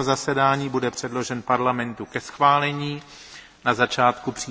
zasedání bude předložen parlamentu ke schválení na začátku příštího roku.